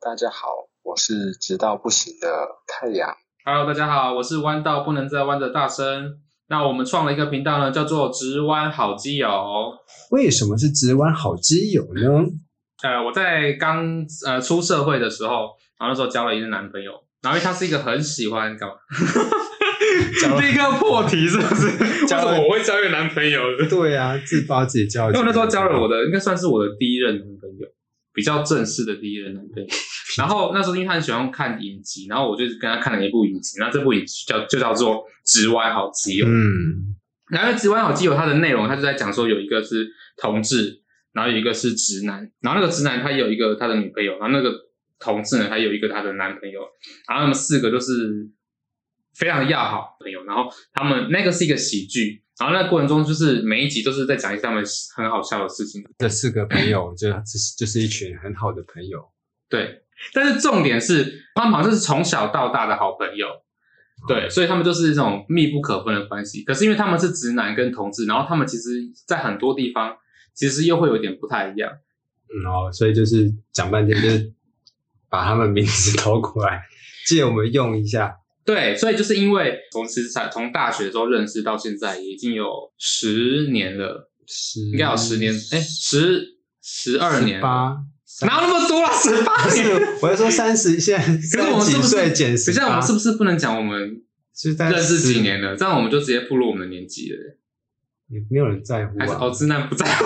大家好，我是直到不行的太陽。Hello，大家好，我是彎到不能再彎的大聲。那我們創了一個頻道呢，叫做“直彎好基友”。為什麼是“直彎好基友”呢？呃，我在剛呃出社會的時候，然後那時候交了一個男朋友，然後因為他是一個很喜歡幹嘛？第一個破題是不是？為什麼我會交一個男朋友？對啊，自發自己交。因為那時候交了我的，嗯、我的應該算是我的第一任。比較正式的第一任男朋友，然後那時候因為他很喜歡看影集，然後我就跟他看了一部影集，那這部影集叫就叫做《直彎好、嗯、好基友》。嗯，然後《直彎好基友》它的內容，他就在講說有一個是同志，然後有一個是直男，然後那個直男他有一個他的女朋友，然後那個同志呢他有一個他的男朋友，然後他們四個都是非常要好朋友，然後他們那個是一個喜劇。然後那過程中，就是每一集都是在講一些他們很好笑的事情。這四個朋友就是 就，就是一群很好的朋友。對，但是重點是他們就是從小到大的好朋友。哦、對，所以他們就是一種密不可分的關係。可是因為他們是直男跟同志，然後他們其實在很多地方其實又會有點不太一樣。嗯哦，所以就是講半天，就是把他們名字偷過來 借我們用一下。對，所以就是因為從其實從大學的時候認識到現在，已經有十年了，十嗎應該有十年，誒十十二年八，18, 30, 哪有那麼多啦、啊？十八歲我就說三十，現在可是我們是不是在減？現在我們是不是不能講我們是在認識幾年了？但 10, 這樣我們就直接步入我們的年紀了，也沒有人在乎啊。哦是，直男不在乎，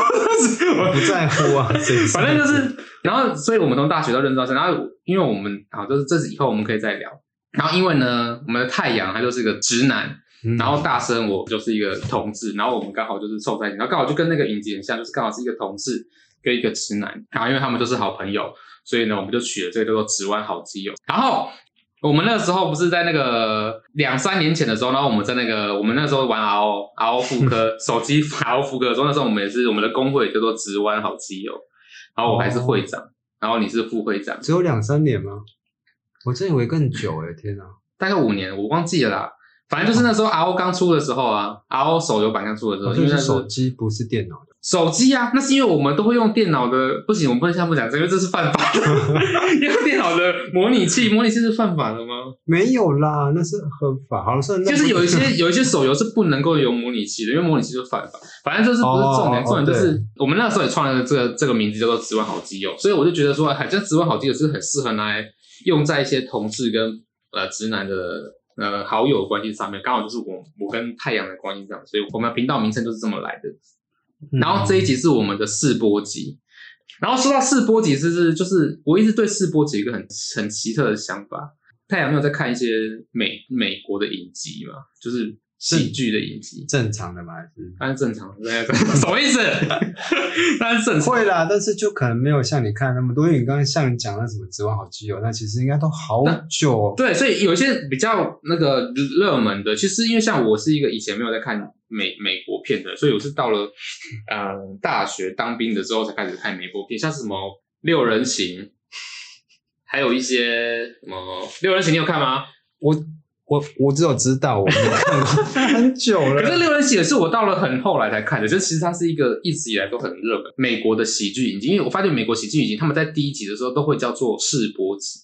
不在乎啊。反正就是，然後，所以我們從大學到認識，到現在然後因為我們啊，就是這是以後我們可以再聊。然後因為呢，我們的太陽他就是一個直男，嗯、然後大生我就是一個同志，然後我們剛好就是湊在一起，然後剛好就跟那個影子很像，就是剛好是一個同志跟一個直男，然後因為他們都是好朋友，所以呢，我們就取了這個叫做“直彎好基友”。然後我們那時候不是在那個兩三年前的時候，然後我們在那個我們那時候玩 RO RO 復科 手機 RO 婦科的時候，所以那時候我們也是我們的公會叫做“直彎好基友”，然後我還是會長，哦、然後你是副會長，只有兩三年嗎？我真以為更久誒，天哪！大概五年，我忘記了啦。反正就是那時候 RO 剛出的時候啊、哦、，RO 手遊版剛出的時候，因為是哦、就是手機不是電腦的手機啊。那是因為我們都會用電腦的，不行，我們不能相不講，因為這是犯法的。 因為電腦的模擬器，模擬器是犯法的嗎？沒有啦，那是很法。好像其實有一些有一些手遊是不能夠有模擬器的，因為模擬器就犯法。反正就是不是重點，哦、重點就是、哦、我們那時候也創了這個這個名字叫做“十萬好基友”，所以我就覺得說，還這“十萬好基友”是很適合拿來。用在一些同志跟呃直男的呃好友的關係上面，剛好就是我我跟太陽的關係上，所以我們頻道名稱就是這麼來的。然後這一集是我們的試播集，然後說到試播集，就是，這是就是我一直對試播集有一個很很奇特的想法。太陽沒有在看一些美美國的影集嘛，就是。戲劇的影集正、正常的嗎？還是那是正常的？正常的 什麼意思？當然是很會啦，但是就可能沒有像你看那麼多，因為你剛才像你講那什麼《指環好基友》，那其實應該都好久哦。對，所以有一些比較那個熱門的，其實因為像我是一個以前沒有在看美美國片的，所以我是到了呃大學當兵的時候才開始看美國片，像是什麼《六人行》，還有一些什麼《六人行》，你有看嗎？我。我我只有知道，我沒有看過很久了。 可是六人行也是我到了很後來才看的，就其實它是一個一直以來都很熱門美國的喜劇影集。因為我發現美國喜劇影集，他們在第一集的時候都會叫做試播集。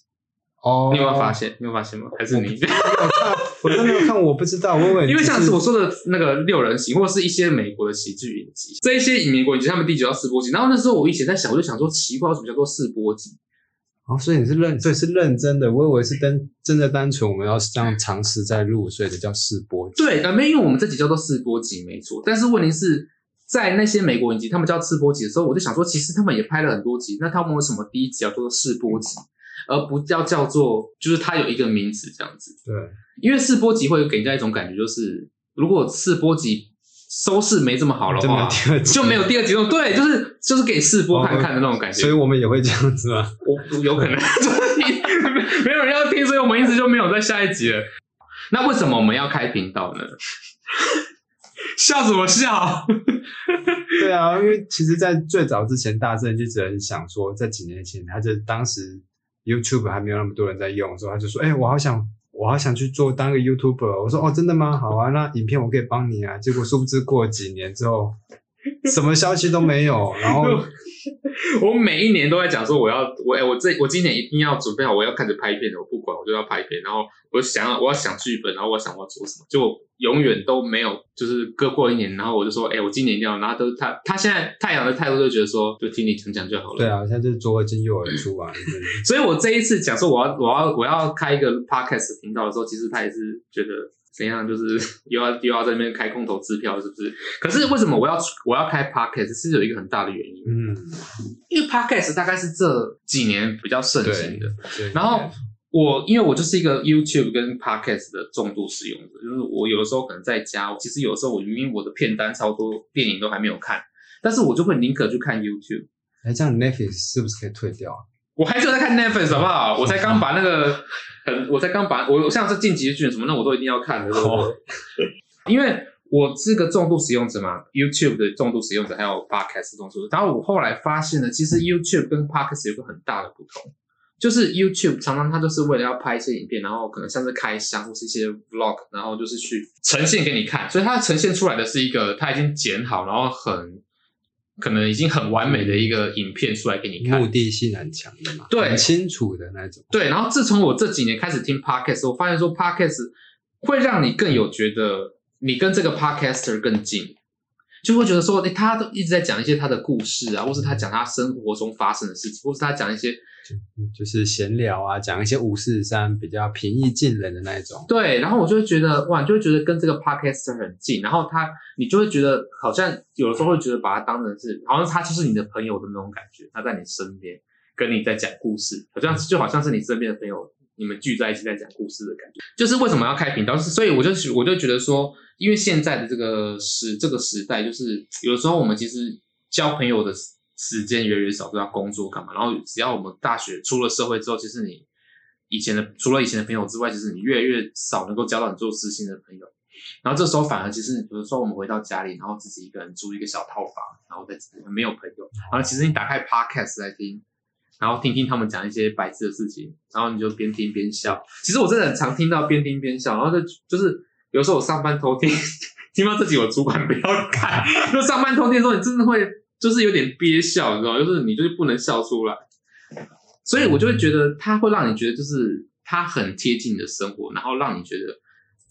哦，oh, 你有沒有發現？你有，沒有發現嗎？還是你我沒有看？ 我真的沒有看，我不知道。問問你，因為上次我說的那個六人行，或者是一些美國的喜劇影集，這一些迷國影集他們第一集叫試播集。然後那時候我一直在想，我就想說奇怪，什麼叫做試播集？哦，所以你是認所以是認真的，我以為是單真，真的單純，我們要這樣嘗試在入，所以就叫試播。對，改邊，因為我們這集叫做試播集，沒錯。但是問題是在那些美國影集，他們叫試播集的時候，我就想說，其實他們也拍了很多集，那他們為什麼第一集要叫做試播集，而不叫叫做就是它有一個名詞這樣子？對，因為試播集會給人家一種感覺，就是如果試播集。收視沒這麼好了話，就沒有第二集就沒有第二集了。對，就是就是給試播看看的那種感覺，哦哦。所以我們也會這樣子啊。我有可能，對 沒有人要聽，所以我們一直就沒有在下一集了。那為什麼我們要開頻道呢？ 笑什麼笑？對啊，因為其實，在最早之前，大聖就只能想說，在幾年前，他就當時 YouTube 還沒有那麼多人在用的時候，他就說：“哎、欸，我好想。”我還想去做當個 YouTuber，我說哦，真的嗎？好啊，那影片我可以幫你啊。結果殊不知過了幾年之後，什麼消息都沒有，然後。我每一年都在講說我，我要我、欸、我這我今年一定要準備好，我要開始拍片的，我不管，我就要拍片。然後我想要，我要想劇本，然後我想我要做什麼，就我永遠都沒有，就是擱過一年，然後我就說，哎、欸，我今年要。然後都他他現在太陽的態度就覺得說，就聽你講講就好了。對啊，他就是左耳進右耳出啊。 所以，我這一次講說我要我要我要開一個 podcast 頻道的時候，其實他也是覺得。怎樣，就是又要又要在那邊開空頭支票是不是？可是為什麼我要我要開 podcast 是有一個很大的原因，嗯，因為 podcast 大概是這幾年比較盛行的，然後我因為我就是一個 YouTube 跟 podcast 的重度使用者，就是我有的時候可能在家，其實有的時候我因為我的片單超多，電影都還沒有看，但是我就會寧可去看 YouTube。哎、欸，這樣 Netflix 是不是可以退掉啊？我還是在看 Netflix 好不好？嗯、我才剛把那個很，嗯、我才剛把我像是晉級劇什麼那我都一定要看的，就是哦，對不對？因為我是個重度使用者嘛，YouTube 的重度使用者還有 Podcast 重度。然後我後來發現呢，其實 YouTube 跟 Podcast 有個很大的不同，就是 YouTube 常常，它就是為了要拍一些影片，然後可能像是開箱或是一些 Vlog，然後就是去呈現給你看，所以它呈現出來的是一個它已經剪好，然後很可能已經很完美的一個影片出來給你看，目的性很強的嘛，對，很清楚的那種。對，然後自從我這幾年開始聽 podcast，我發現說 podcast 會讓你更有覺得你跟這個 podcaster 更近。就會覺得說，欸，他都一直在講一些他的故事啊，或是他講他生活中發生的事情，或是他講一些就，就是閒聊啊，講一些五四三比較平易近人的那一種。對，然後我就會覺得，哇，你就會覺得跟這個 podcaster 很近，然後他，你就會覺得好像有的時候會覺得把他當成是，好像他就是你的朋友的那種感覺，他在你身邊跟你在講故事，好像就好像是你身邊的朋友的。你們聚在一起在講故事的感覺，就是為什麼要開頻道？是所以我就我就覺得說，因為現在的這個時這個時代，就是有的時候我們其實交朋友的時間越來越少，都要工作幹嘛？然後只要我們大學出了社會之後，其實你以前的除了以前的朋友之外，其實你越來越少能夠交到你做知心的朋友。然後這時候反而其實，比如說我們回到家裡，然後自己一個人租一個小套房，然後再，沒有朋友，然後其實你打開 Podcast 來聽。然後聽聽他們講一些白痴的事情，然後你就邊聽邊笑。其實我真的很常聽到邊聽邊笑，然後就就是有時候我上班偷聽，聽到自己有主管不要看，就上班偷聽的時候，你真的會就是有點憋笑，你知道就是你就是不能笑出來，所以我就會覺得它會讓你覺得就是它很貼近你的生活，然後讓你覺得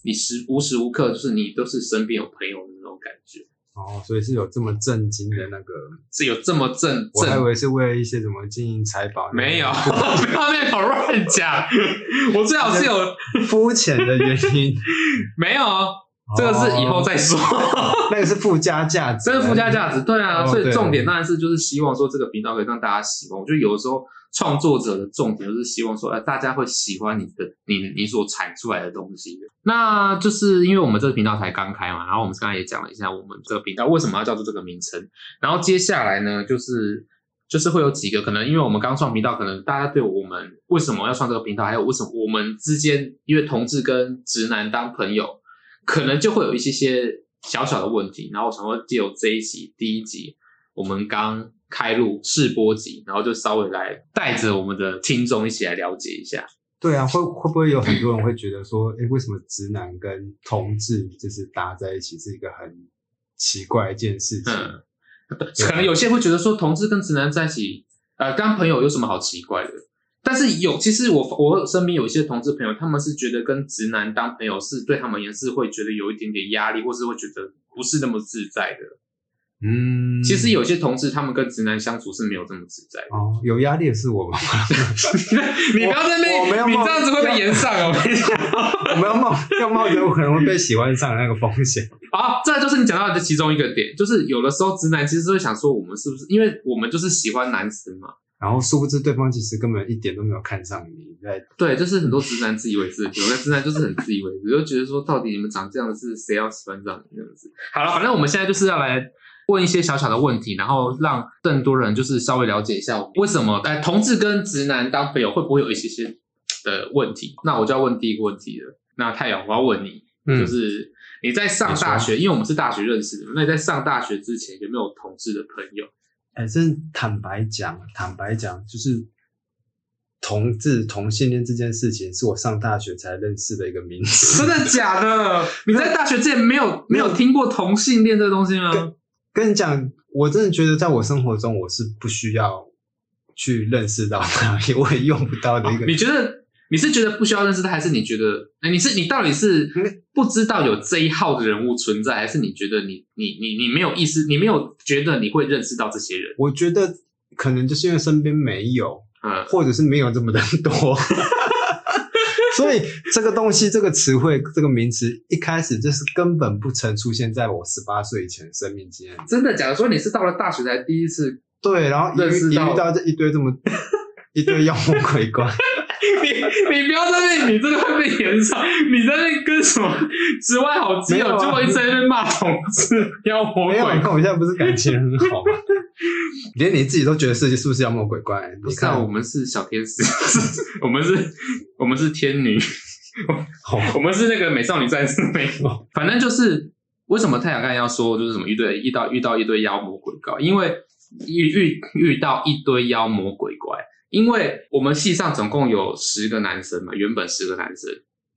你時無時無刻就是你都是身邊有朋友的那種感覺。哦，所以是有這麼震驚的那個，是有這麼震。我還以為是為了一些什麼金銀財寶，沒有，是不要亂講。我最好是有膚淺的原因， 沒有，這個是以後再說。哦、那個是附加價值， 這是附加價值，對啊。哦、對啊，所以重點當然是就是希望說這個頻道可以讓大家喜歡。我覺得有的時候。創作者的重點就是希望說，哎，大家會喜歡你的，你你所產出來的東西的。那就是因為我們這個頻道才剛開嘛，然後我們剛才也講了一下我們這個頻道為什麼要叫做這個名稱。然後接下來呢，就是就是會有幾個可能，因為我們剛創頻道，可能大家對我們為什麼要創這個頻道，還有為什麼我們之間因為同志跟直男當朋友，可能就會有一些些小小的問題。然後我才會藉由這一集，第一集，我們剛。開錄試播集，然後就稍微來帶着我們的聽眾一起來了解一下。對啊，會會不會有很多人會覺得說，哎、 欸，為什麼直男跟同志就是搭在一起是一個很奇怪一件事情？嗯、可能有些會覺得說，同志跟直男在一起，呃，當朋友有什麼好奇怪的？但是有，其實我我身邊有一些同志朋友，他們是覺得跟直男當朋友是對他們也是會覺得有一點點壓力，或是會覺得不是那麼自在的。嗯，其實有些同事，他們跟直男相處是沒有這麼自在的。哦，有壓力也是我們。 你不要在那，你這樣子會被炎上好不好，我跟你講，我們要冒要冒一可能會被喜歡上的那個風險。 好，這就是你講到的其中一個點，就是有的時候直男其實是會想說，我們是不是因為我們就是喜歡男生嘛？然後殊不知對方其實根本一點都沒有看上你。對，就是很多直男自以為是，有的 直男就是很自以為是， 就覺得說，到底你們長這樣的是誰要喜歡這樣子？好了，好，反正我們現在就是要來，問一些小小的問題，然後讓更多人就是稍微了解一下我，為什麼哎、呃，同志跟直男當朋友會不會有一些些的問題？那我就要問第一個問題了。那太陽，我要問你，嗯、就是你在上大學，說因為我們是大學認識的，那你在上大學之前有沒有同志的朋友？哎，這是坦白講，坦白講，就是同志同性戀這件事情，是我上大學才認識的一個名字。 真的假的？ 你在大學之前沒有沒有,沒有聽過同性戀這個東西嗎？跟你講，我真的覺得，在我生活中，我是不需要去認識到他，因為我也用不到的一個。你覺得你是覺得不需要認識他，還是你覺得，哎，你是你到底是不知道有這一號的人物存在，還是你覺得你你你你，你沒有意思，你沒有覺得你會認識到這些人？我覺得可能就是因為身邊沒有，嗯，或者是沒有這麼的多。嗯 所以這個東西、這個詞彙、這個名詞，一開始就是根本不曾出現在我十八歲以前生命經驗。真的,假的，假如說你是到了大學才第一次，對，然後你遇到這一堆這麼 一堆妖魔鬼怪。 你不要在那，你這個會被延長，你在那跟什麼之外好基友，就會在那罵同志妖魔鬼怪，你看，我們現在不是感情很好嗎、啊？ 連你自己都覺得自己是不是妖魔鬼怪？你看，啊，我們是小天使， 我們是，我們是天女， 我們是那個美少女戰士美，那種。反正就是為什麼太陽剛才要說，就是什麼一堆遇到遇到一堆妖魔鬼怪、怪，因為遇遇遇到一堆妖魔鬼怪、怪。因為我們系上總共有十個男生嘛，原本十個男生，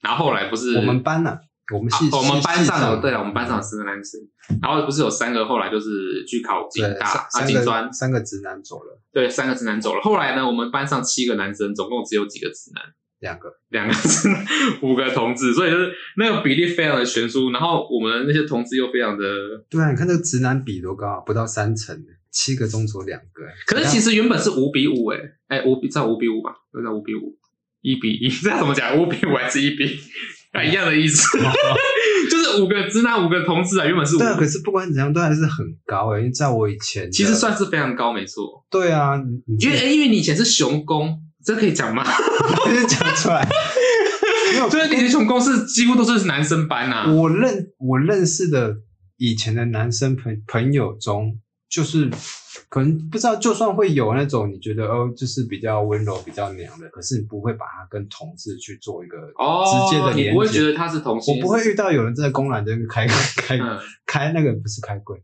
然後後來不是我們班呢、啊，我們系，、啊、系我們班上哦，長對了、啊，我們班上十個男生，嗯、然後不是有三個後來就是去考警對大啊警專，三個直男鑽走了，對，三個直男走了。後來呢，我們班上七個男生，總共只有幾個直男？兩個，兩個直男，五個同志，所以就是那個比例非常的懸殊。然後我們那些同志又非常的，對啊，你看這個直男比多高啊，不到三成呢、欸。七個中左兩個、欸，可是其實原本是五比五誒誒五在五比五吧，就在五比五，一比一，這樣怎麼講？五比五還是一比、嗯啊，一樣的意思，哦、呵呵就是五個直男五個同志啊，原本是，五對、啊，可是不管怎樣都還是很高哎、欸，因為在我以前其實算是非常高沒錯，沒錯，對啊，你因為因為以前是雄工，這可以講嗎？講出來，因為你的雄工是幾乎都是男生班啊，我認我認識的以前的男生朋朋友中。就是可能不知道，就算會有那種你覺得哦，就是比較溫柔，比較娘的，可是你不會把它跟同志去做一個直接的連接。你不會覺得他是同性。我不會遇到有人在公然的開開開那個不是開櫃，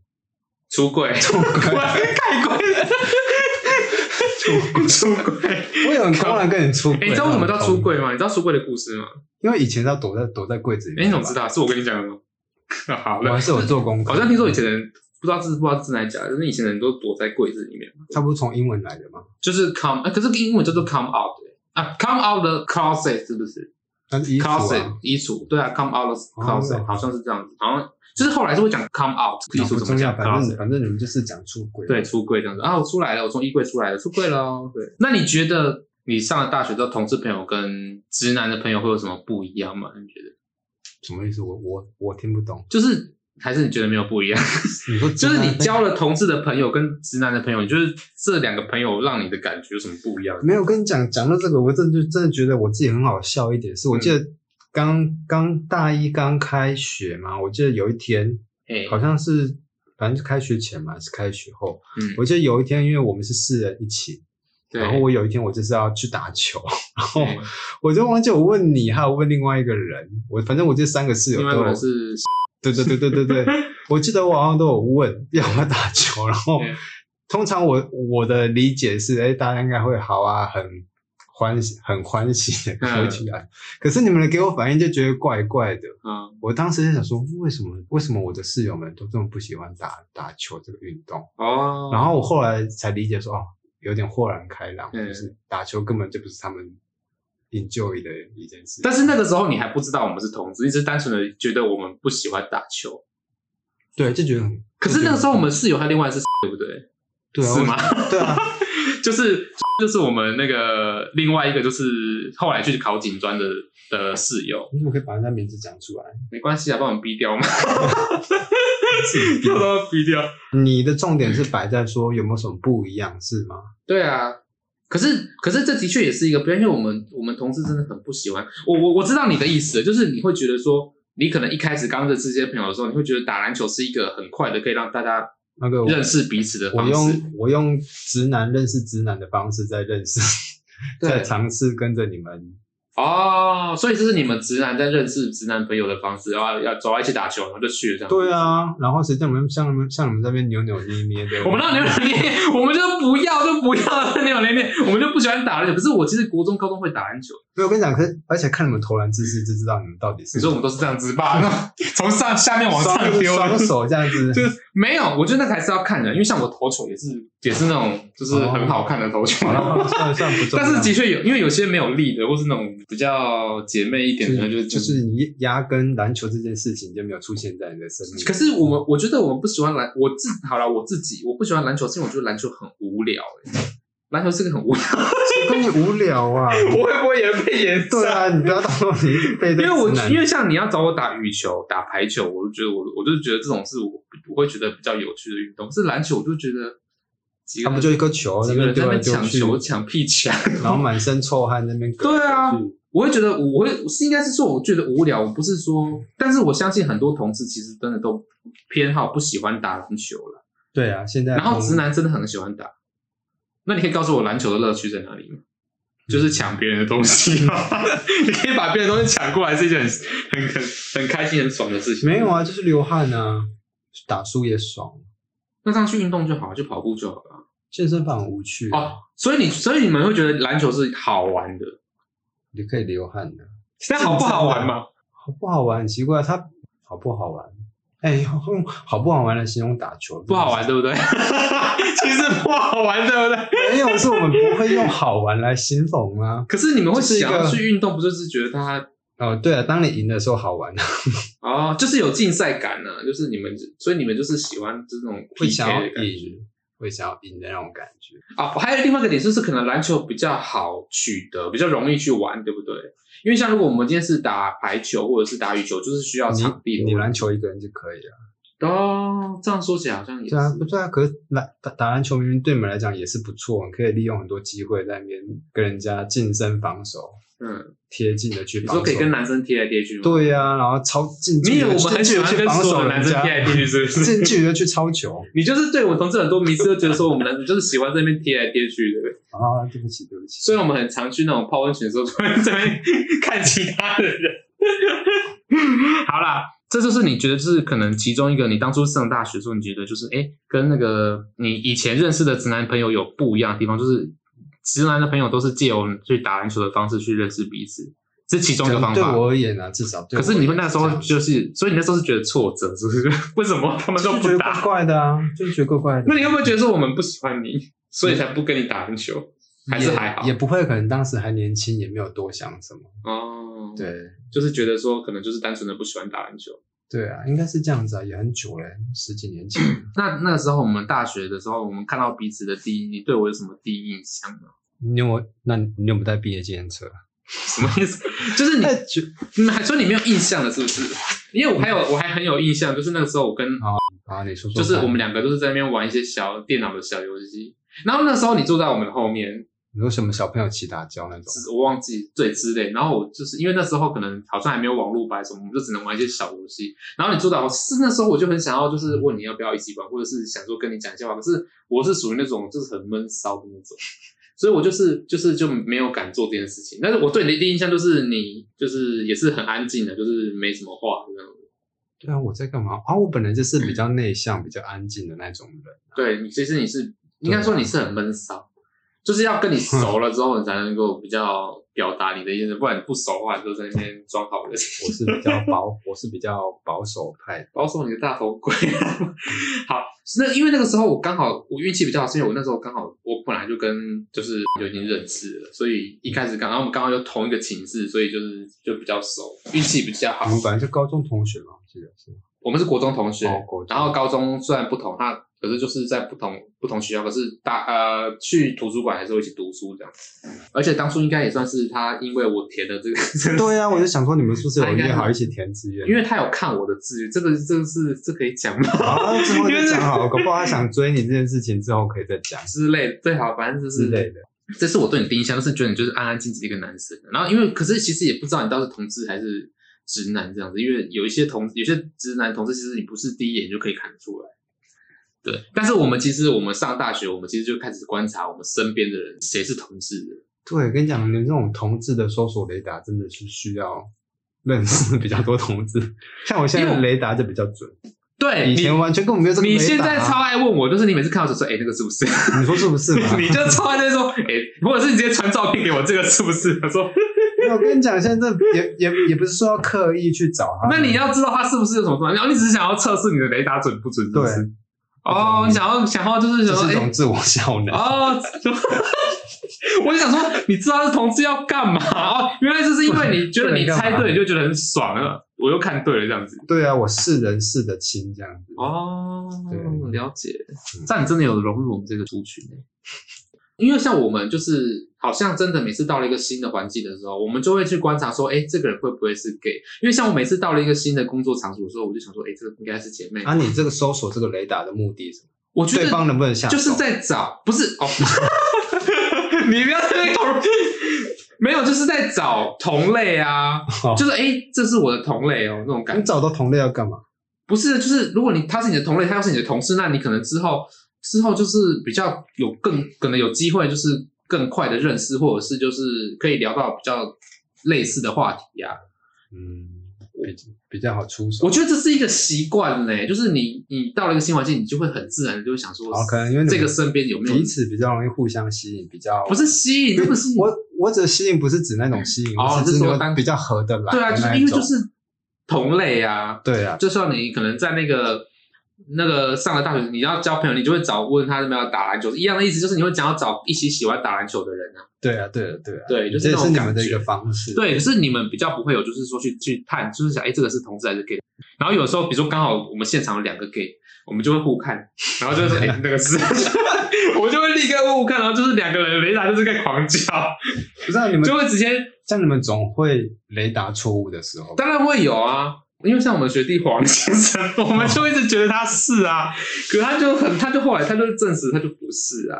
出櫃出櫃，開櫃出出櫃，有人公然跟你出櫃。你知道為什麼叫出櫃嗎？你知道出櫃的故事嗎？因為以前要躲在躲在櫃子裡面。哎，你怎麼知道？是我跟你講的嗎？好，還是我有做功課。好像聽說以前人。不知道是不知道字，真還是假的，就是以前的人都躲在櫃子裡面他不是從英文來的嗎？就是 come，、欸、可是英文叫做 come out，、欸啊、come out the closet，是不是？closet，衣櫥、啊，對啊，come out the closet，、哦、好像是這樣子，好像是就是後來是會講 come out、哦、衣櫥怎麼講？反正 反正你們就是講出櫃，對，出櫃這樣子啊，我出來了，我從衣櫃出來了，出櫃了。對，那你覺得你上了大學之後，同志朋友跟直男的朋友會有什麼不一樣嗎？你覺得？什麼意思？我我我聽不懂，就是。還是你覺得沒有不一樣？啊、 就是你交了同志的朋友跟直男的朋友，你就是這兩個朋友讓你的感覺有什麼不一樣？沒有跟你講講到這個，我真的就真的覺得我自己很好笑一點。是我記得剛剛大一剛開學嘛，我記得有一天，嘿好像是反正就開學前嘛，還是開學後，嗯、我記得有一天，因為我們是四人一起，對然後我有一天我就是要去打球，對然後我就忘記我問你，還有問另外一個人，我反正我這三個室友都。對對對對對對， 我記得我好像都有問，要不要打球，然後對通常我我的理解是，哎、欸，大家應該會好啊，很歡喜，嗯、很歡喜的喝起來。嗯、可是你們給我反應就覺得怪怪的，嗯，我當時就想說，為什麼？為什麼我的室友們都這麼不喜歡打打球這個運動？哦，然後我後來才理解說，哦，有點豁然開朗，就對是打球根本就不是他們。enjoy 的一件事，但是那個時候你還不知道我們是同志，一、就、直、是、單純的覺得我們不喜歡打球。對，就覺得很。可是那個時候，我們室友他另外一個是，對不對？對啊、是嗎？對啊， 就是就是我們那個另外一個，就是後來去考警專的的室友。你怎麼可以把人家名字講出來？沒關係啊，幫我們逼掉嘛。哈哈哈要都要逼掉。你的重點是擺在說有沒有什麼不一樣，是嗎？對啊。可是，可是這的確也是一個，不要因為我們我們同事真的很不喜歡我。我我知道你的意思，就是你會覺得說，你可能一開始剛認識這些朋友的時候，你會覺得打籃球是一個很快的可以讓大家那個認識彼此的方式。我，我用我用直男認識直男的方式在認識，對在嘗試跟着你們。哦，所以這是你們直男在認識直男朋友的方式，然後要走到一起打球，然後就去了這樣。對啊，然後誰叫你們像你們像你們那邊扭扭捏捏的？我們那扭扭捏 捏，我們就不要，就不要扭扭捏、捏捏，我們就不喜歡打籃球。可是我其實國中、高中會打籃球。所以我跟你講，可是而且看你們投籃姿勢就知道你們到底是。你說我們都是這樣子吧？從上下面往上丟，就是，雙手這樣子，就是沒有。我覺得那才是要看的，因為像我投球也是。也是那種，就是很好看的頭球，哦 嗯、算、算不重要，但是的確有，因為有些沒有力的，或是那種比較姐妹一點的，就是就，就是你壓根籃球這件事情就沒有出現在你的生命。嗯、可是我們，我覺得我們不喜歡籃，我自好啦，我自己我不喜歡籃球，是因為我覺得籃球很無聊、欸。籃球是個很無聊，跟你無聊啊， 我會不會也被嚴？對啊，你不要打錯，你被對因為我，我因為像你要找我打羽球、打排球，我就覺得我，我就覺得這種是我我會覺得比較有趣的運動。可是籃球，我就覺得。他們、啊、就一顆球,、啊、球，那邊搶球搶屁搶，然後滿身臭汗在那邊。 對啊，是我會覺得，我會是應該是說，我覺得無聊，我不是說，但是我相信很多同志其實真的都偏好不喜歡打籃球了。對啊，現在然後直男真的很喜歡打。那你可以告訴我籃球的樂趣在哪裡嗎？嗯、就是搶別人的東西，嗎 你可以把別人的東西搶過來是一件很很很很開心很爽的事情。沒有啊，就是流汗啊，打輸也爽。那這樣去運動就好了，就跑步就好了。健身房很無趣啊，哦、所以你所以你們會覺得籃球是好玩的，你可以流汗的、啊。但好不好玩嗎？知不知啊、好不好玩？很奇怪、啊，它好不好玩？哎、欸，用好不好玩來形容打球不好玩，對不對？ 其實不好玩，對不對？因為，是我們不會用好玩來形容啊。可是你們會想要去運動，不就是覺得它？哦，對啊，當你贏的時候好玩 哦，就是有競賽感呢、啊，就是你們，所以你們就是喜歡這種 PK 的會想要贏的那種感覺啊！我、哦、還有另外一個點是，就是可能籃球比較好取得，比較容易去玩，對不對？因為像如果我們今天是打排球或者是打羽球，就是需要場地的。你籃球一個人就可以了。哦，這樣說起來好像也是對啊，不對啊。可是籃打打籃球明明對你們來講也是不錯，你可以利用很多機會在那邊跟人家近身防守。嗯，貼近的距離。說可以跟男生貼來貼去對呀、啊，然後超近。沒有，我們很喜歡去跟所有的男生貼來貼去，是不是？近距離的去超球。你就是對我們同志很多迷思都覺得說，我們男生就是喜歡這邊貼來貼去的，對不對？啊，對不起，對不起。所以我們很常去那種泡溫泉的時候，在那邊看其他的人。 好啦，這就是你覺得就是可能其中一個，你當初上大學的時候你覺得就是哎、欸，跟那個你以前認識的直男朋友有不一樣的地方，就是。直男的朋友都是藉由去打籃球的方式去認識彼此，這其中一個方法。對我而言啊，至少對。可是你們那時候就是，所以你那時候是覺得挫折，是不是？ 為什麼他們都不打？怪,怪的啊，就覺得怪怪的。那你有沒有覺得說我們不喜歡你，所以才不跟你打籃球？嗯、還是還好？也,也不會，可能當時還年輕，也沒有多想什麼哦。對，就是覺得說，可能就是單純的不喜歡打籃球。對啊，應該是這樣子啊，也很久了、欸，十幾年前。 那那時候我們大學的時候，我們看到彼此的第一，你對我有什麼第一印象嗎、啊？你有我，那你、你有沒帶畢業紀念冊？什麼意思？就是你， 你還說你沒有印象了，是不是？因為我還有， 我還很有印象，就是那個時候我跟啊，哦、你說說，就是我們兩個都是在那邊玩一些小電腦的小遊戲。然後那時候你坐在我們後面，有什麼小朋友一起打架那種？是，我忘記，對之類。然後我就是因為那時候可能好像還沒有網絡吧，什麼我們就只能玩一些小遊戲。然後你坐在，是那時候我就很想要，就是問你要不要一起玩，嗯、或者是想說跟你講一下話。可是我是屬於那種就是很悶騷的那種。所以我就是就是就沒有敢做這件事情。但是我對你的第一印象就是你就是也是很安靜的，就是沒什麼話的那種。對啊，我在幹嘛啊？我本來就是比較內向、比較安靜的那種人啊，嗯。對，其實你是應該說你是很悶騷。就是要跟你熟了之後，你才能夠比較表達你的意思，哼不然你不熟的話，你就在那邊裝好人。我是比較保， 我是比較保守派的。保守你個大頭鬼。 好，那因為那個時候我剛好我運氣比較好，是、啊、因為我那時候剛好我本來就跟就是就已經認識了，所以一開始剛好、嗯、我們剛好又同一個寢室，所以就是就比較熟，運氣比較好。我們反正是高中同學嘛，是的，是的、啊。是啊、我們是國中同學，哦、然後高中雖然不同，他。可是就是在不同不同學校，可是打、呃、去圖書館還是會一起讀書這樣子，而且當初應該也算是他，因為我填的這個，對啊，我就想說你們宿舍有這麼好一起填志願。因為他有看我的志願，這個這個是這個，可以講嗎？之後就講好了，搞因為 不好他想追你這件事情 之後可以再講。之類，就是、之類的，最好反正就是之類的。這是我對你第一印象，就是覺得你就是安安靜靜一個男生。然後因為可是其實也不知道你到底是同志還是直男這樣子，因為有一些同有些直男同志其實你不是第一眼就可以看得出來。對，但是我們其實，我們上大學，我們其實就開始觀察我們身邊的人，誰是同志的。對，跟你講，你這種同志的搜索雷達真的是需要認識比較多同志，像我現在我雷達就比較準。對，以前完全跟我沒有這麼。你現在超愛問我，就是你每次看到就說：“哎、欸，那個是不是？”你說是不是嗎？ 你就超愛在說：“哎、欸，如果是你直接傳照片給我，這個是不是？”他說、嗯：“我跟你講，現在這也 也也不是說要刻意去找他，那你要知道他是不是有什麼狀況，然後你只是想要測試你的雷達準不準是不是。”對。哦，你想要想要就是想哎，這種自我效能、欸、哦， 我就想說，你知道是同志要幹嘛 哦？原來這是因為你覺得你猜對，你就覺得很爽啊！我又看對了，這樣子。對啊，我是人，是的親，這樣子。哦，對了解。但、嗯、你真的有融入我們這個族群、欸、 因為像我們就是。好像真的每次到了一個新的環境的時候，我們就會去觀察說，哎、欸，這個人會不會是 gay？因為像我每次到了一個新的工作場所的時候，我就想說，哎、欸，這個應該是姐妹。那、啊、你這個搜索這個雷達的目的是什麼？我覺得對方能不能下手？就是在找，不是哦。你不要在那搞屁，沒有，就是在找同類啊，oh. 就是哎、欸，這是我的同類哦，那種感覺。你找到同類要幹嘛？不是，就是如果你他是你的同類，他又是你的同事，那你可能之後之後就是比較有更可能有機會就是。更快的認識，或者是就是可以聊到比較類似的話題呀、啊，嗯，比比較好出手。我覺得這是一個習慣嘞，就是你你到了一個新環境，你就會很自然的就會想說，可能因為這個身邊有沒有彼此比較容易互相吸引，比較不是吸引，這個吸引。我我指吸引，吸引不是指那種吸引，只、哦、是說比較合得來的，對啊，就是因為就是同類啊，嗯、對啊，就算你可能在那個。那個上了大學，你要交朋友，你就會找問他有沒有打籃球。一樣的意思，就是你會想要找一起喜歡打籃球的人啊。對啊，對啊，對啊，對，就是那種感覺的一個方式。對，對，可是你們比較不會有，就是說去去探，就是想，誒、欸、這個是同志還是 gay？然後有時候，比如說剛好我們現場有兩個 gay，我們就會互看，然後就是，誒、 欸、那個是， 我就會立刻互，互看，然後就是兩個人雷達就是在狂叫，不知道、啊、你們就會直接，像你們總會雷達錯誤的時候，當然會有啊。因為像我們學弟黃先生，我們就一直覺得他是啊，哦、可他就很，他就後來他就證實他就不是啊。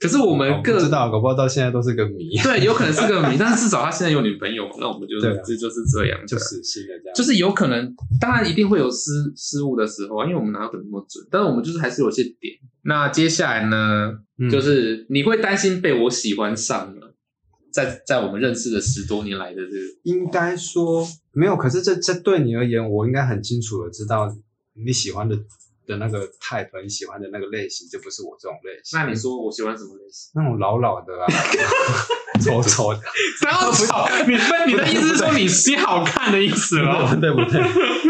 可是我們各、哦、不知道，搞不好到現在都是個謎。對，有可能是個謎， 但是至少他現在有女朋友，那我們就其、是啊、就是這樣，就是這樣。就是、是這樣就是有可能，當然一定會有失失誤的時候啊，因為我們哪有那麼準？但是我們就是還是有些點。那接下來呢，嗯、就是你會擔心被我喜歡上了。在在我們認識的十多年來的這個，應該說沒有。可是這這對你而言，我應該很清楚的知道你喜歡的的那個 type，你喜歡的那個類型，就不是我這種類型。那你說我喜歡什麼類型？嗯，那種老老的啊，醜醜 的， 然後醜。你 你的意思是說你你好看的意思嘍？ 對不對？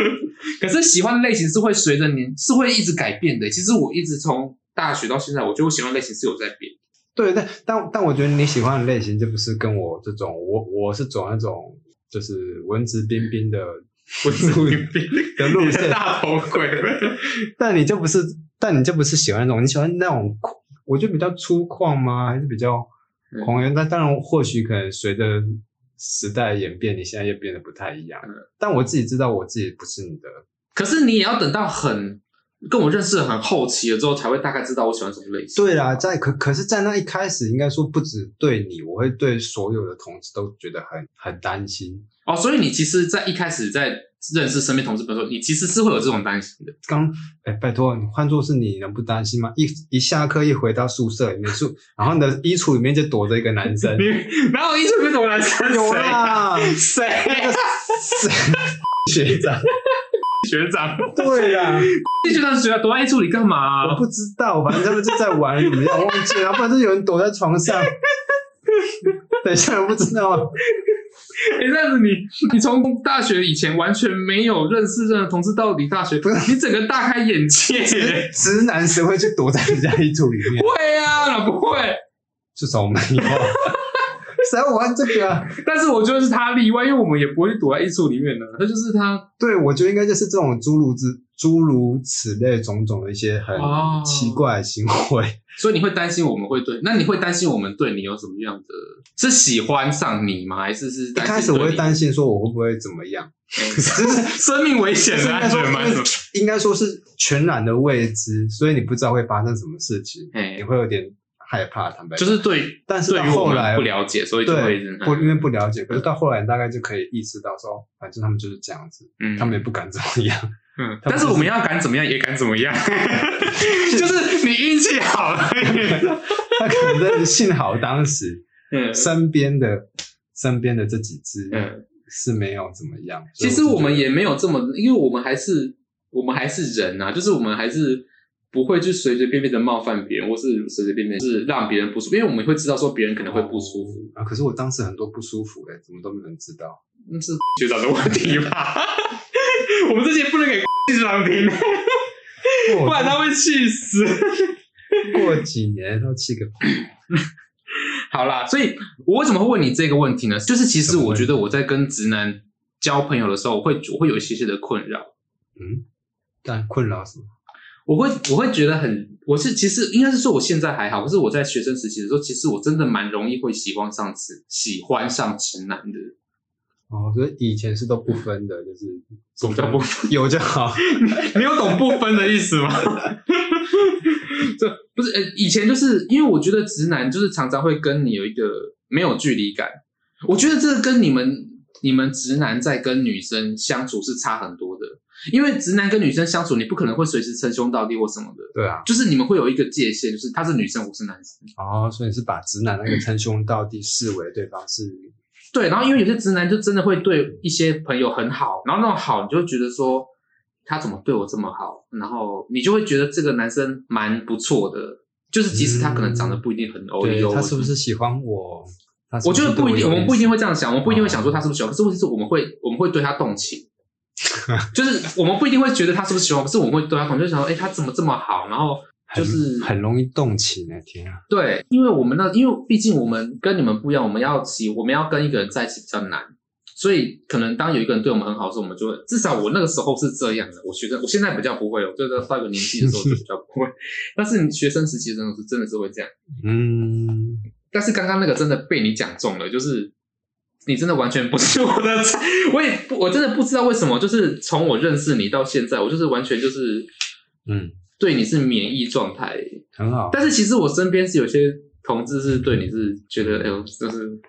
可是喜歡的類型是會隨着你，是會一直改變的。其實我一直從大學到現在，我覺得我喜歡的類型是有在變。對，但但但我覺得你喜歡的類型就不是跟我這種，我我是走那種就是文質彬彬的文質彬彬的路線， 大頭鬼。 但你就不是，但你就不是喜歡那種，你喜歡那種，我就比較粗獷嗎？還是比較狂野？那、嗯、當然，或許可能隨着時代演變，你現在又變得不太一樣了。嗯、但我自己知道，我自己不是你的。可是你也要等到很。跟我認識很好奇了之後，才會大概知道我喜歡什麼類型。對啦、啊，在可可是，在那一開始，應該說不止對你，我會對所有的同事都覺得很很擔心哦。所以你其實，在一開始在認識身邊同事的時候，你其實是會有這種擔心的。剛誒、欸、拜託你換作是你，你能不擔心嗎？一一下課一回到宿舍裡面 然後你的衣櫥裡面就躲着一個男生， 然後衣櫥裡面躲男生誰？誰？誰？學長。學長，對呀、啊，學長是躲在衣櫥裡幹嘛、啊？我不知道，反正他們就在玩裡面，怎麼樣？忘記了，反正有人躲在床上。 等一下， 我不知道。哎、欸，這樣子你，你你從大學以前完全沒有認識任何同事，到底大學不是你整個大開眼界、欸只，直男誰會去躲在人家衣櫥裡面？不 會呀、啊，那不會，至少我們以後。 誰要玩這個、啊？ 但是我覺得是他例外，因為我們也不會躲在衣櫥裡面呢。那就是他，對我覺得應該就是這種諸如此諸如此類種種的一些很奇怪的行為，哦、 所以你會擔心我們會對，那你會擔心我們對你有什麼樣的？是喜歡上你嗎？還是是擔心？一開始我會擔心說我會不會怎麼樣，可是 生命危險的 應？應該應該說是全然的未知，所以你不知道會發生什麼事情，嘿你會有點。害怕，他們。就是對，但是到後來不了解，所以就會，不因為不了解，可是到後來大概就可以意識到說，反正他們就是這樣子，嗯，他們也不敢怎麼樣，嗯，但是我們要敢怎麼樣也敢怎麼樣，就是你運氣好他可能幸好當時，嗯，身邊的身邊的這幾隻，嗯，是沒有怎麼樣。其實我們也沒有這麼，因為我們還是我們還是人啊，就是我們還是。不會就隨隨便便的冒犯別人，或是隨隨便便是讓別人不舒服，因為我們會知道說別人可能會不舒服、哦、啊。可是我當時很多不舒服哎、欸，怎麼都沒人知道，那是學長的問題吧？ 我們這些不能給家長聽，不然他會氣死。 過幾年他會氣個屁！ 好啦，所以我為什麼會問你這個問題呢？就是其實我覺得我在跟直男交朋友的時候，我會我會有一些些的困擾。嗯，但困擾什麼？我會我會覺得很，我是其實應該是說我現在還好，可是我在學生時期的時候，其實我真的蠻容易會喜歡上直喜歡上直男的。哦，所以以前是都不分的，嗯、就是什麼叫不分？有就好。 你有懂不分的意思嗎？這 不是呃，以前就是因為我覺得直男就是常常會跟你有一個沒有距離感，我覺得這個跟你們你們直男在跟女生相處是差很多的。因為直男跟女生相處，你不可能會隨時稱兄道弟或什麼的。對啊，就是你們會有一個界限，就是她是女生，我是男生。哦，所以是把直男那個稱兄道弟視為對方是。對，然後因為有些直男就真的會對一些朋友很好，然後那種好你就會覺得說他怎麼對我這麼好，然後你就會覺得這個男生蠻不錯的，就是即使他可能長得不一定很歐，對，他是不是喜歡我？我覺得不一定，我們不一定會這樣想，我們不一定會想說他是不是喜歡，可是問題是我們會我們會對他動情。 就是我們不一定會覺得他是不是喜歡我們，可是我們會對他感覺想說，哎、欸，他怎麼這麼好？然後就是很，很容易動情，來，天啊！對，因為我們那，因為畢竟我們跟你們不一樣，我們要起，我們要跟一個人在一起比較難，所以可能當有一個人對我們很好的時候，我們就會，至少我那個時候是這樣的。我學生，我現在比較不會，我就是到一個年紀的時候就比較不會。 但是學生時期真的是真的是會這樣。嗯，但是剛剛那個真的被你講中了，就是。你真的完全不是我的菜，我也不，我真的不知道為什麼，就是從我認識你到現在，我就是完全就是，嗯，對你是免疫狀態，嗯，很好。但是其實我身邊是有些同志是對你是覺得 L，嗯，哎呦，就是。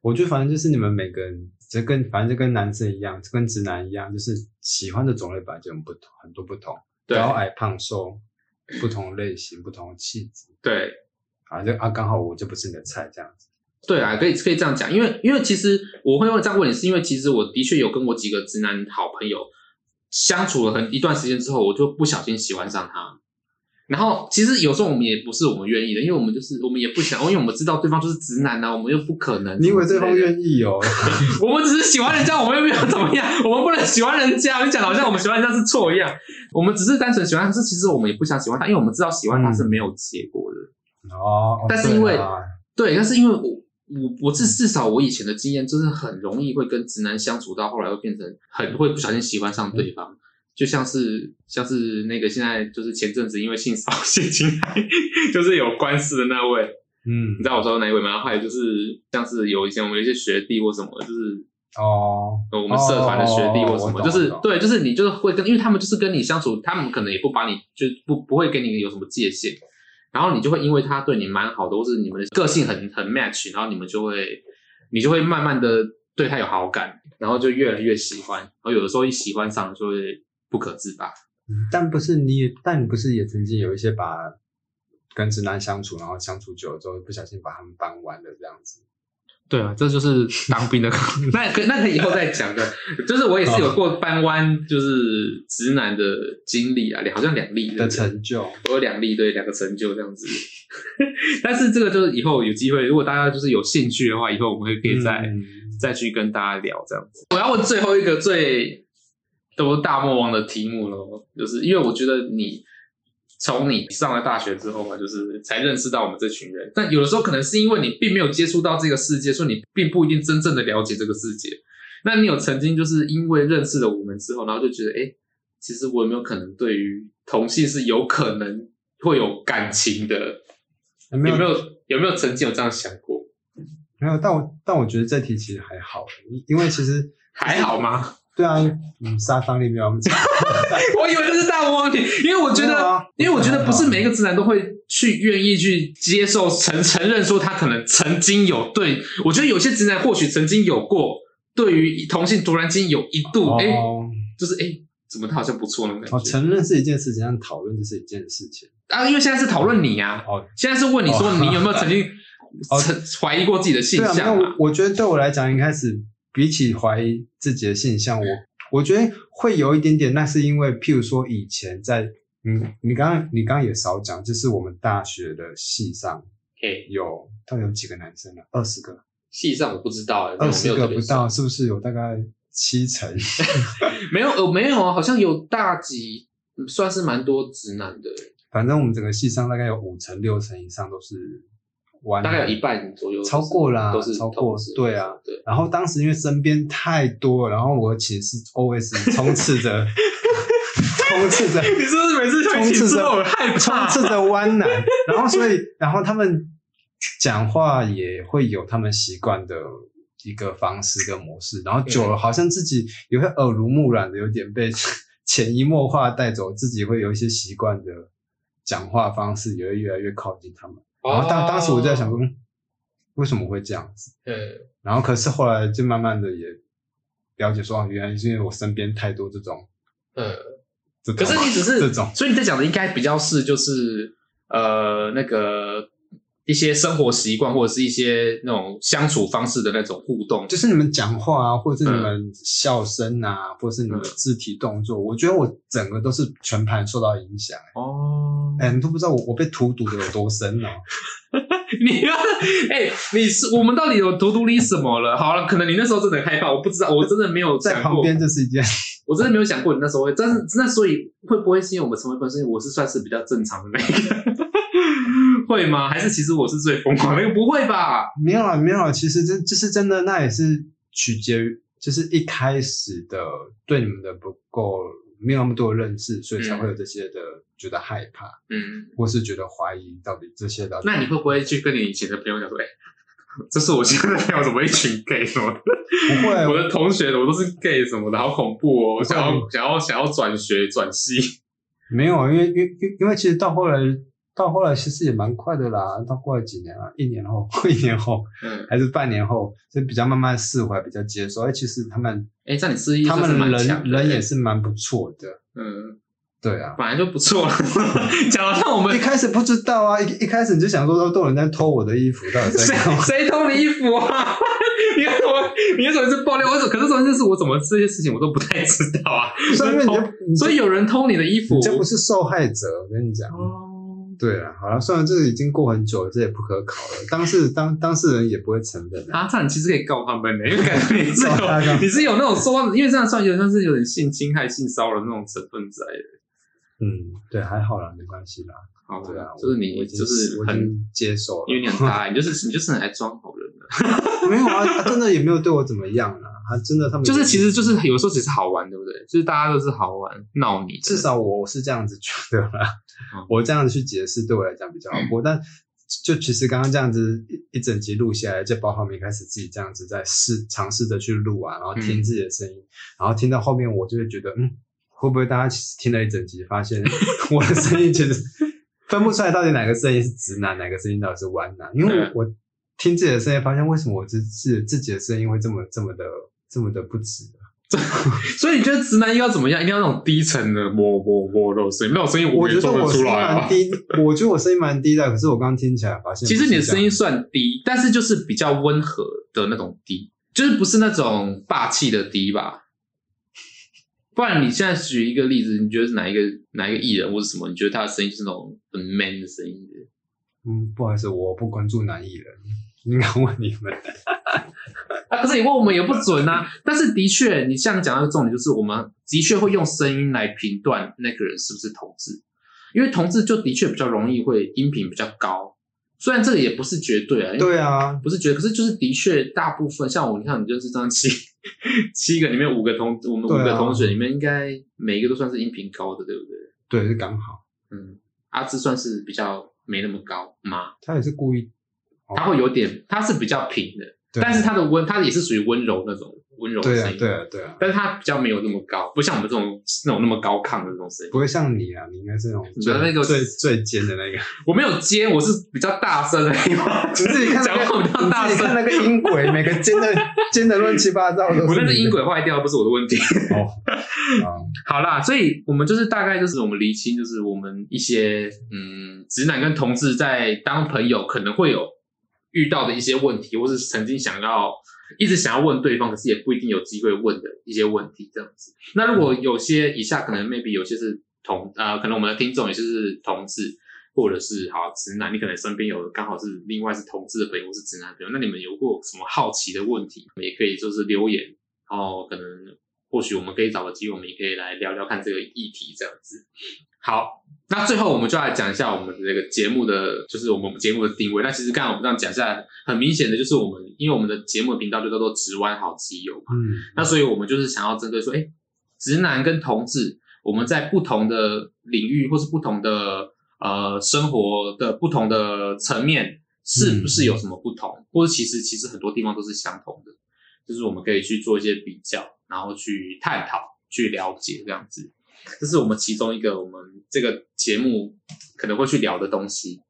我覺得反正就是你們每個人，就跟反正就跟男生一樣，就跟直男一樣，就是喜歡的種類吧，就很不同，很多不同，對高矮胖瘦，不同類型，不同氣質。對，反正就啊，啊，剛好我就不是你的菜這樣子。對啊，可以可以這樣講，因為因為其實我會問這樣問你，是因為其實我的確有跟我幾個直男好朋友相處了很一段時間之後，我就不小心喜歡上他。然後其實有時候我們也不是我們願意的，因為我們就是我們也不想、哦，因為我們知道對方就是直男啊，我們又不可能。你以為對方願意哦？ 我們只是喜歡人家，我們又沒有怎麼樣，我們不能喜歡人家。你講的好像我們喜歡人家是錯一樣。我們只是單純喜歡他，可是其實我們也不想喜歡他，因為我們知道喜歡他是沒有結果的。哦，但是因為對、啊、對，但是因為我。我我是至少我以前的經驗就是很容易會跟直男相處到後來會變成很會不小心喜歡上對方，就像是像是那個現在就是前陣子因為性騷擾謝金海就是有官司的那位，嗯，你知道我說的哪一位嗎？還有就是像是有一些我們有一些學弟或什麼就是哦，我們社團的學弟或什麼就是，哦哦哦，對就是你就是會跟因為他們就是跟你相處，他們可能也不把你就不不會跟你有什麼界限。然後你就會因為他對你蠻好的，或是你們的個性很很 match，然後你們就會，你就會慢慢的對他有好感，然後就越來越喜歡，然後有的時候一喜歡上就會不可自拔。嗯，但不是你，但你不是也曾經有一些把跟直男相處，然後相處久了之後，不小心把他們掰彎了這樣子？對啊，這就是當兵的可能性。 那可那可以後再講的。 就是我也是有過搬彎，就是直男的經歷啊，好像兩例是是的成就，我有兩例，對，兩個成就這樣子。 但是這個就是以後有機會，如果大家就是有興趣的話，以後我們會可以再、嗯、再去跟大家聊這樣子。嗯、我要問最後一個最都大魔王的題目咯，就是因為我覺得你。從你上了大學之後嘛、啊，就是才認識到我們這群人。但有的時候可能是因為你並沒有接觸到這個世界，所以你並不一定真正的了解這個世界。那你有曾經就是因為認識了我們之後，然後就覺得哎、欸，其實我有沒有可能對於同性是有可能會有感情的？有沒有，有沒有曾經有這樣想過？沒有，但我但我覺得這題其實還好，因為其實還好嗎？對啊，嗯、沙發那邊我們講， 我以為這是大問題，因為我覺得，啊、因為我覺得不是每一個直男都會去願意去接受、啊、承承認說他可能曾經有對，我覺得有些直男或許曾經有過對於同性突然間有一度、哦、誒就是誒怎麼他好像不錯那種感覺、哦。承認是一件事情，但討論這是一件事情啊，因為現在是討論你呀、啊，哦、現在是問你說、哦、你有沒有曾經、哦、懷疑過自己的性向啊？對啊。我覺得對我來講應該是。比起懷疑自己的性向，我我覺得會有一點點。那是因為，譬如說以前在嗯，你剛剛你剛剛也少講，就是我們大學的系上有到底有幾個男生呢？二十個系上我不知道、欸，二十個不到，是不是有大概七成？ 沒有哦，沒有啊，好像有大幾算是蠻多直男的。反正我們整個系上大概有五成六成以上都是。大概有一半左右，就是，超過啦，都是超過，事對啊。對。然後當時因為身邊太多，然後我其實是 always 充斥著， 充斥著。 你是不是每次充斥著，後害充斥著彎男。 然後所以，然後他們講話也會有他們習慣的一個方式跟模式，然後久了好像自己也會耳濡目染的，有點被潛移默化帶走，自己會有一些習慣的講話方式，也會越來越靠近他們。然後當當時我就在想說，為什麼會這樣子？嗯，然後可是後來就慢慢的也了解說，原來是因為我身邊太多這種，呃，可是你只是這種，所以你在講的應該比較是就是呃那個。一些生活習慣或者是一些那種相處方式的那種互動，就是你們講話啊，或者是你們笑聲啊，嗯、或者是你們肢體動作，我覺得我整個都是全盤受到影響，欸、哦。哎、欸，你都不知道我我被荼毒的有多深哦，喔 欸。你哎，你是我們到底有荼毒你什麼了？好了，啊，可能你那時候真的很害怕，我不知道，我真的沒有在旁邊，這是一件，我真的沒有想過你那時候會，嗯、但是那所以會不會是因為我們成為關係，我是算是比較正常的那個。 會嗎？還是其實我是最瘋狂的？那個不會吧？沒有啦，沒有啦。其實真就是真的，那也是取決於，就是一開始的對你們的不夠，沒有那麼多的認識，所以才會有這些的、嗯、覺得害怕，嗯，或是覺得懷疑到底這些的。那你會不會去跟你以前的朋友講說，哎、欸，這是我現在的朋友，怎麼一群 gay 什麼的？不會，我的同學我都是 gay 什麼的，好恐怖哦！我想要不想要想要轉學轉系，沒有啊，因為因為因為其實到後來。到後來其實也蠻快的啦，到過了幾年了、啊，一年後，一年後，嗯，還是半年後，就比較慢慢釋懷，比較接受。哎，其實他們，哎、欸，在你私，他們人人也是蠻不錯的、欸，嗯，對啊，本來就不錯。 講到那，我們一開始不知道啊，一一開始你就想說，都有人在偷我的衣服，到底在偷，誰，誰偷你衣服啊？ 你看我，你看什麼是爆料，我可可是說這是我怎麼吃這些事情，我都不太知道啊。偷，所以你就，所以有人偷你的衣服，這不是受害者，我跟你講。哦對啊，好了，算了，這已經過很久了，這也不可考了。當事當,當事人也不會承認、啊。他這樣其實可以告他們呢，因為感覺你是有 你是有那種說，因為這樣算有點像是有點性侵害、性騷擾那種成分在的。嗯，對，還好啦，沒關係啦。好、啊，對啊，就是你，就是很我已經接受因為你很大愛， 你就是你就是很愛裝好人的、啊、 沒有啊，他、啊、真的也沒有對我怎麼樣啊。啊，真的，他們就是，其實就是有時候只是好玩，對不對？就是大家都是好玩鬧你。對對，至少我是這樣子覺得，啦，嗯、我這樣子去解釋，對我來講比較好過。嗯、但就其實剛剛這樣子一整集錄下來，就包括我們開始自己這樣子在試嘗試着去錄啊，然後聽自己的聲音，嗯、然後聽到後面我就會覺得，嗯，會不會大家其實聽了一整集，發現 我的聲音其實分不出來到底哪個聲音是直男，哪個聲音到底是彎男？因為我、嗯、我聽自己的聲音，發現為什麼我自自自己的聲音會這麼這麼的。這麼的不直，啊， 所以你覺得直男應該要怎麼樣？一定要那種低沉的，磨有磨聲，聲音，我也得我覺得我聲音蠻低， 我覺得我聲音蠻低的，可是我剛剛聽起來發現，其實你的聲音算低，但是就是比較溫和的那種低，就是不是那種霸氣的低吧？不然你現在舉一個例子，你覺得是哪一個哪一個藝人或者什麼？你覺得他的聲音是那種很 man 的聲音是不是，嗯？不好意思，我不關注男藝人，應該問你們。 啊！可是你問我們也不準啊。 但是的確，你像講到的重點，就是我們的確會用聲音來評斷那個人是不是同志，因為同志就的確比較容易會音頻比較高。雖然這個也不是絕對啊，對啊，不是絕對。可是就是的確，大部分像我，你看你就是這樣七七個裡面五個同，我們五個同學裡面應該每一個都算是音頻高的，對不對？對，是剛好。嗯，阿、啊、志算是比較沒那麼高嘛。他也是故意，哦、他會有點，他是比較平的。對但是他的溫，他也是屬於溫柔那種溫柔的聲音，對啊，對啊，對啊。但是他比較沒有那麼高，不像我們這種那種那麼高亢的那種聲音。不會像你啊，你應該是那種覺得那個最最尖的那個。我沒有尖，我是比較大聲而已嘛，只是 你講、那個、話比較大聲，那個音軌每個尖的尖的亂七八糟都是的。 我那個音軌壞掉，不是我的問題。好 ，oh, um. 好啦，所以我們就是大概就是我們釐清就是我們一些嗯直男跟同志在當朋友可能會有遇到的一些問題，或者是曾經想要一直想要問對方，可是也不一定有機會問的一些問題，這樣子。那如果有些以下可能，maybe 有些是同呃，可能我們的聽眾也就是同志，或者是好直男，你可能身邊有剛好是另外是同志的朋友，或是直男朋友，那你們有過什麼好奇的問題，也可以就是留言，然後，哦，可能或許我們可以找個機會，我們也可以來聊聊看這個議題這樣子。好。那最後，我們就來講一下我們的這個節目的，就是我們節目的定位。那其實剛才我們這樣講下來，很明顯的就是我們，因為我們的節目頻道就叫做“直彎好基友”嘛，嗯，那所以我們就是想要針對說，哎、欸，直男跟同志，我們在不同的領域或是不同的呃生活的不同的層面，是不是有什麼不同？嗯、或者其實其實很多地方都是相同的，就是我們可以去做一些比較，然後去探討、去了解這樣子。這是我們其中一個，我們這個節目可能會去聊的東西，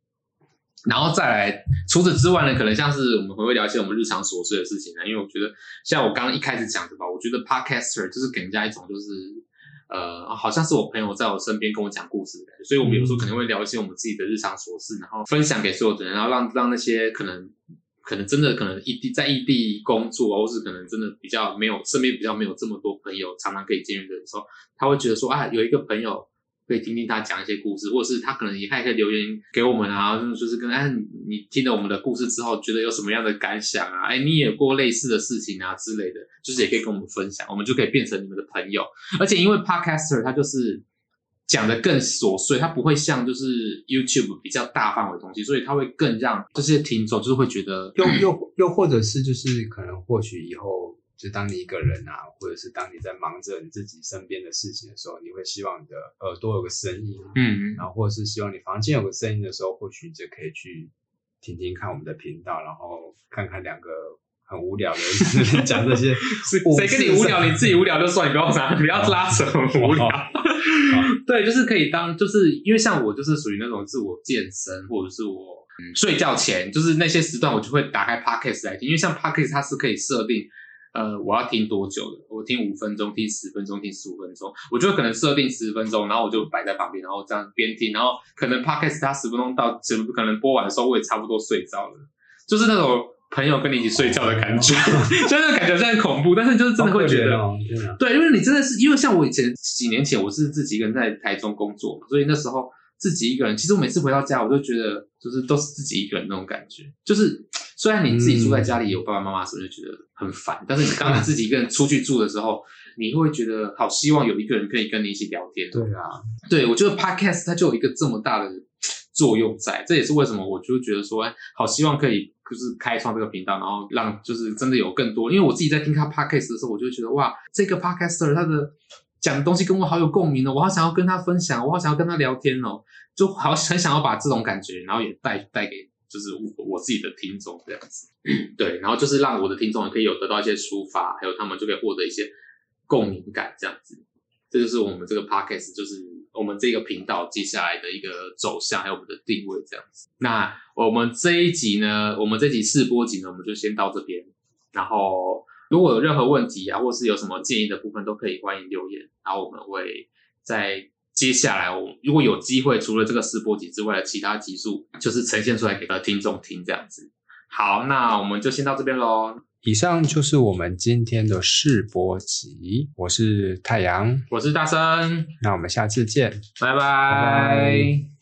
然後再來。除此之外呢，可能像是我們會聊一些我們日常瑣碎的事情呢。因為我覺得，像我剛剛一開始講的吧，我覺得 Podcaster 就是給人家一種就是，呃，好像是我朋友在我身邊跟我講故事的感覺。嗯。所以我們有時候可能會聊一些我們自己的日常瑣事，然後分享給所有的人，然後讓讓那些可能。可能真的可能異地在異地工作，或是可能真的比較沒有身邊比較沒有這麼多朋友常常可以見面的、的時候，他會覺得說啊，有一個朋友可以聽聽他講一些故事，或者是他可能也看一下留言給我們啊，就是跟哎、啊、你，你聽了我們的故事之後，覺得有什麼樣的感想啊，哎你也過類似的事情啊之類的，就是也可以跟我們分享，我們就可以變成你們的朋友，而且因為 Podcaster 他就是。講的更瑣碎，它不會像就是 YouTube 比較大範圍的東西，所以它會更讓這些聽眾就是會覺得，又又又或者是就是可能或許以後就當你一個人啊，或者是當你在忙着你自己身邊的事情的時候，你會希望你的耳朵有個聲音，嗯嗯，然後或者是希望你房間有個聲音的時候，或許你就可以去聽聽看我們的頻道，然後看看兩個。很無聊的，講 這些誰跟你無聊？你自己無聊就算，你不要拉，不要拉扯無聊 對，就是可以當，就是因為像我就是屬於那種自我健身或者是我、嗯、睡覺前，就是那些時段我就會打開 podcast 來聽，因為像 podcast 它是可以設定，呃，我要聽多久的？我聽五分鐘，聽十分鐘，聽十五分鐘，我就可能設定十分鐘，然後我就擺在旁邊，然後這樣邊聽，然後可能 podcast 它十分鐘到，可能播完的時候我也差不多睡着了，就是那種。朋友跟你一起睡覺的感覺， 個感覺雖然感覺真的很恐怖，但是就是真的會覺得，哦對，啊、對，因為你真的是因為像我以前幾年前，我是自己一個人在台中工作，所以那時候自己一個人，其實我每次回到家，我就覺得就是都是自己一個人那種感覺。就是雖然你自己住在家裡、嗯、有爸爸媽媽是不就覺得很煩，但是你當你自己一個人出去住的時候， 你會覺得好希望有一個人可以跟你一起聊天。對啊，對，啊對，我覺得 Podcast 它就有一個這麼大的，作用在。這也是為什麼我就覺得說，哎，好希望可以就是開創這個頻道，然後讓就是真的有更多，因為我自己在聽他 podcast 的時候，我就覺得哇，這個 podcaster 他的講的東西跟我好有共鳴哦，我好想要跟他分享，我好想要跟他聊天哦，就好想很想要把這種感覺，然後也帶帶給就是我我自己的聽眾這樣子，對，然後就是讓我的聽眾也可以有得到一些抒發，還有他們就可以獲得一些共鳴感這樣子，這就是我們這個 podcast 就是。我們這個頻道接下來的一個走向，還有我們的定位這樣子。那我們這一集呢，我們這集試播集呢，我們就先到這邊。然後如果有任何問題啊，或是有什麼建議的部分，都可以歡迎留言。然後我們會在接下來，我如果有機會，除了這個試播集之外的其他集數，就是呈現出來給到聽眾聽這樣子。好，那我們就先到這邊嘍。以上就是我們今天的試播集。我是太陽，我是大生，那我們下次見，拜拜 bye。Bye bye